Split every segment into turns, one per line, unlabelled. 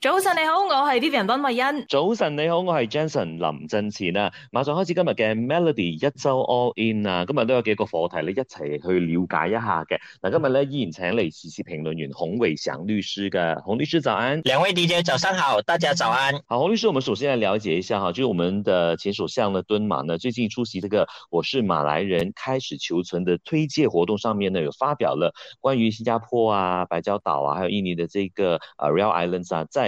早晨你好，我係 Vivian 溫慧欣。Me、早晨你好，我係 Johnson 林振前啊！馬上開始今日嘅 Melody 一周 All In 啊！今日都有幾個課題，你一齊去了解一下嘅。嗱，今日呢，依然請嚟時事評論員洪偉祥律師嘅。洪律師早安，兩位 DJ 早上好，大家早安。好，洪律師，我們首先嚟了解一下吓，就我們的前首相呢，敦馬呢，最近出席這個我是馬來人開始求存的推介活動上面呢，有發表了關於新加坡啊、白礁島啊，還有印尼的這個啊 Real Islands 啊，在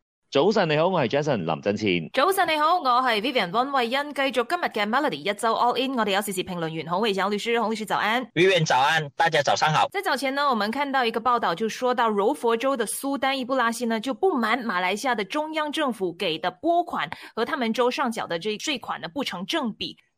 早晨，你好，我是 Jason 林振謙。
早晨，你好，我是 Vivian 溫慧欣。繼續今日嘅 Melody 一周 All In，我哋有事事評論員洪偉祥律師，洪律師早安。
Vivian
早安，大家早上好。在
早前呢，我們看到一個報道，就說到柔佛州的蘇丹伊布拉欣呢，就不滿馬來西亞的中央政府給的撥款和他們州上繳的這稅款呢不成正比。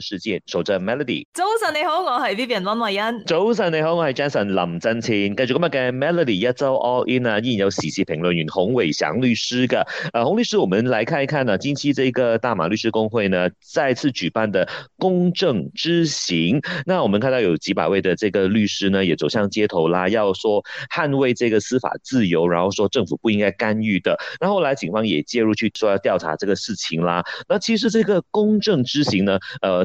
世界，守著 melody。
早晨你好，我係 Vivian 溫慧欣。
早晨你好，我係 Jason 林真晴。繼續今日嘅 melody 一周 all in 啊，依然有時事評論員洪偉祥律師嘅。誒、呃，洪律師，我們來看一看呢，啊，近期這個大馬律師公會呢再次舉辦的公正之行。那我們看到有幾百位的這個律師呢，也走向街頭啦，要說捍衛這個司法自由，然後說政府不應該干預的。那後來警方也介入去說要調查這個事情啦。那其實這個公正之行呢，呃